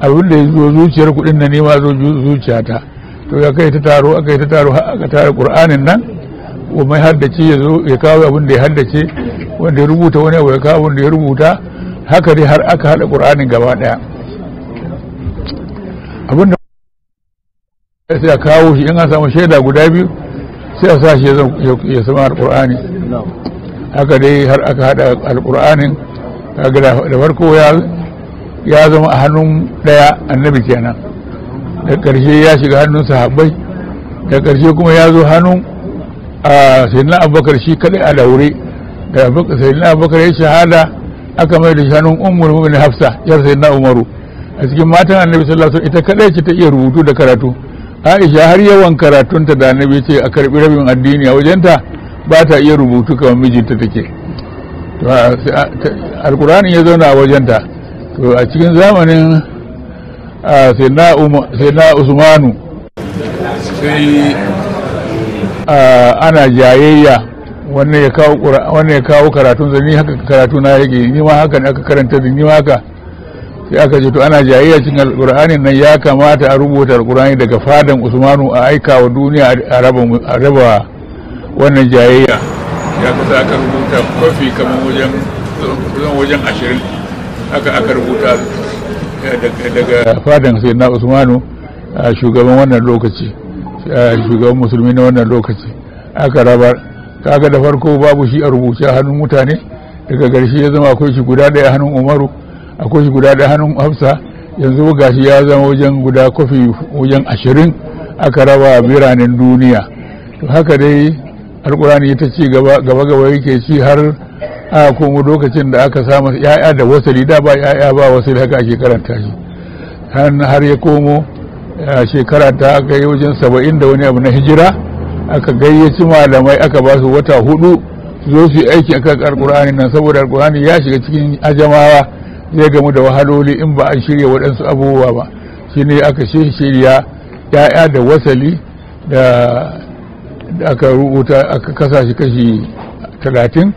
abin da ya zo zuciyar kuɗin na nema zo ta. to ya kai ta taro aka yi ta taro aka tara ƙur'anin nan mai haddace ya zo ya kawo abin da ya haddace wanda ya rubuta wani abu ya kawo wanda ya rubuta haka dai har aka hada ƙur'anin gaba ɗaya abin da sai a kawo shi in an samu shaida guda biyu sai a sa shi ya sama alƙur'ani haka dai har aka haɗa alƙur'anin kaga da farko ya ya zama a hannun ɗaya annabi kenan da ƙarshe ya shiga hannun sahabbai da ƙarshe kuma ya zo hannun a sayyidina abubakar shi kadai a daure da sayyidina abubakar ya shahada aka mai da shi hannun ummul mu'minin hafsa yar sayyidina umaru a cikin matan annabi sallallahu alaihi ita kadai ce ta iya rubutu da karatu aisha har yawan karatunta da annabi ce a karɓi rabin addini a wajenta ba ta iya rubutu kamar mijinta take alkur'ani ya zauna a wajenta to a cikin zamanin sai na usmanu sai ana jayayya wannan ya kawo karatun zani haka karatu na yake ni ma haka ne aka karanta da ni ma haka sai aka ce to ana jayayya cikin alkur'anin nan ya kamata a rubuta alkur'ani daga fadan usmanu a aika wa duniya a raba wannan jayayya ya kasa aka rubuta kwafi kamar wajen ashirin aka aka rubuta daga fadan sai na usmanu shugaban wannan lokaci shugaban musulmi na wannan lokaci aka raba kaga da farko babu shi a rubuce hannun mutane daga garshe ya zama akwai shi guda daya hannun umaru akwai shi guda daya hannun hafsa yanzu gashi ya zama wajen guda kofi wajen ashirin aka raba biranen duniya to haka dai alkurani ta ci gaba gaba yake ci har a kuma lokacin da aka samu ya'ya da wasali da ba ya'ya ba wasali haka ake karanta shi har ya komo shekara ta aka yi wajen saba'in da wani abu na hijira aka gayyaci malamai aka ba su wata hudu zo su yi aiki aka alkur'ani nan saboda alkur'ani ya shiga cikin ajamawa zai gamu da wahaloli in ba a shirya waɗansu abubuwa ba ne aka shirya ya'ya da wasali da aka rubuta aka kasa kashi talatin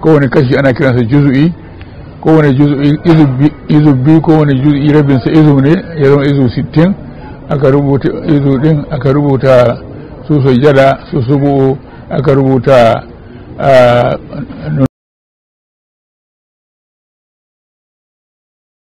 kowane kashi ana kiransa juzu'i kowane juzu'i izubi kowane juzu'i rabinsa izu ne ya zama izu sittin aka rubuta izu din aka rubuta su sujjada su subu aka rubuta ah,